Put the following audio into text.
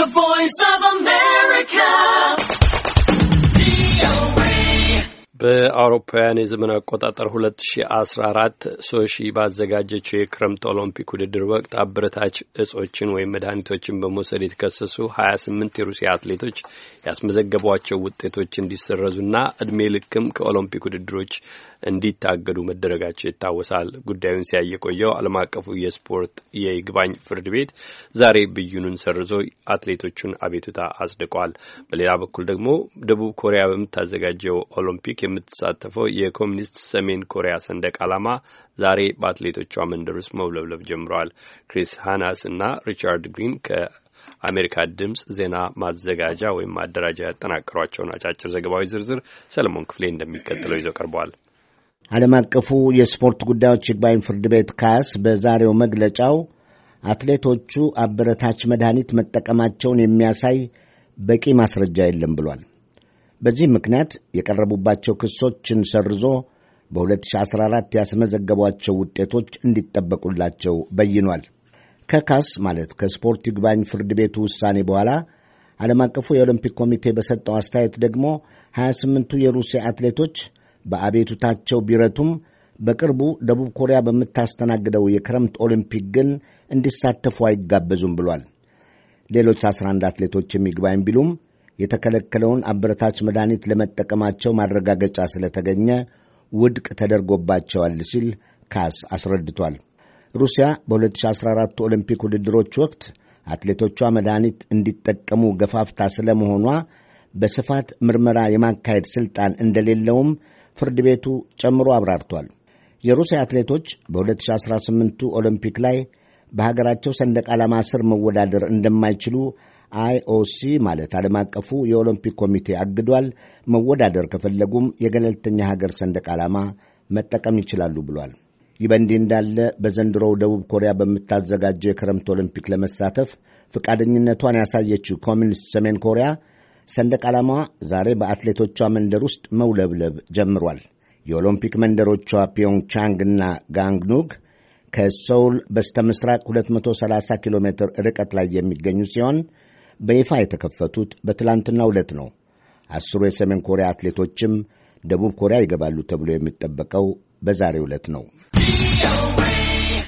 The Voice of man. በአውሮፓውያን የዘመን አቆጣጠር 2014 ሶሺ ባዘጋጀችው የክረምት ኦሎምፒክ ውድድር ወቅት አበረታች እጾችን ወይም መድኃኒቶችን በመውሰድ የተከሰሱ 28 የሩሲያ አትሌቶች ያስመዘገቧቸው ውጤቶች እንዲሰረዙና እድሜ ልክም ከኦሎምፒክ ውድድሮች እንዲታገዱ መደረጋቸው ይታወሳል። ጉዳዩን ሲያይ የቆየው ዓለም አቀፉ የስፖርት የይግባኝ ፍርድ ቤት ዛሬ ብይኑን ሰርዞ አትሌቶቹን አቤቱታ አጽድቋል። በሌላ በኩል ደግሞ ደቡብ ኮሪያ በምታዘጋጀው ኦሎምፒክ የምትሳተፈው የኮሚኒስት ሰሜን ኮሪያ ሰንደቅ ዓላማ ዛሬ በአትሌቶቿ መንደር ውስጥ መውለብለብ ጀምረዋል። ክሪስ ሃናስ እና ሪቻርድ ግሪን ከአሜሪካ ድምፅ ዜና ማዘጋጃ ወይም ማደራጃ ያጠናቀሯቸውን አጫጭር ዘገባዎች ዝርዝር ሰለሞን ክፍሌ እንደሚከተለው ይዘው ቀርበዋል። ዓለም አቀፉ የስፖርት ጉዳዮች ይግባኝ ፍርድ ቤት ካስ በዛሬው መግለጫው አትሌቶቹ አበረታች መድኃኒት መጠቀማቸውን የሚያሳይ በቂ ማስረጃ የለም ብሏል። በዚህ ምክንያት የቀረቡባቸው ክሶችን ሰርዞ በ2014 ያስመዘገቧቸው ውጤቶች እንዲጠበቁላቸው በይኗል። ከካስ ማለት ከስፖርት ይግባኝ ፍርድ ቤቱ ውሳኔ በኋላ ዓለም አቀፉ የኦሎምፒክ ኮሚቴ በሰጠው አስተያየት ደግሞ 28ቱ የሩሲያ አትሌቶች በአቤቱታቸው ቢረቱም በቅርቡ ደቡብ ኮሪያ በምታስተናግደው የክረምት ኦሎምፒክ ግን እንዲሳተፉ አይጋበዙም ብሏል። ሌሎች 11 አትሌቶች የሚግባኝ ቢሉም የተከለከለውን አበረታች መድኃኒት ለመጠቀማቸው ማረጋገጫ ስለተገኘ ውድቅ ተደርጎባቸዋል ሲል ካስ አስረድቷል። ሩሲያ በ2014 ኦሎምፒክ ውድድሮች ወቅት አትሌቶቿ መድኃኒት እንዲጠቀሙ ገፋፍታ ስለመሆኗ በስፋት ምርመራ የማካሄድ ሥልጣን እንደሌለውም ፍርድ ቤቱ ጨምሮ አብራርቷል። የሩሲያ አትሌቶች በ2018 ኦሎምፒክ ላይ በሀገራቸው ሰንደቅ ዓላማ ስር መወዳደር እንደማይችሉ አይኦሲ ማለት ዓለም አቀፉ የኦሎምፒክ ኮሚቴ አግዷል። መወዳደር ከፈለጉም የገለልተኛ ሀገር ሰንደቅ ዓላማ መጠቀም ይችላሉ ብሏል። ይህ በእንዲህ እንዳለ በዘንድሮው ደቡብ ኮሪያ በምታዘጋጀው የክረምት ኦሎምፒክ ለመሳተፍ ፈቃደኝነቷን ያሳየችው ኮሚኒስት ሰሜን ኮሪያ ሰንደቅ ዓላማዋ ዛሬ በአትሌቶቿ መንደር ውስጥ መውለብለብ ጀምሯል። የኦሎምፒክ መንደሮቿ ፒዮንግቻንግ እና ጋንግኑግ ከሶውል በስተ ምስራቅ 230 ኪሎ ሜትር ርቀት ላይ የሚገኙ ሲሆን በይፋ የተከፈቱት በትላንትናው ዕለት ነው። አስሩ የሰሜን ኮሪያ አትሌቶችም ደቡብ ኮሪያ ይገባሉ ተብሎ የሚጠበቀው በዛሬው ዕለት ነው።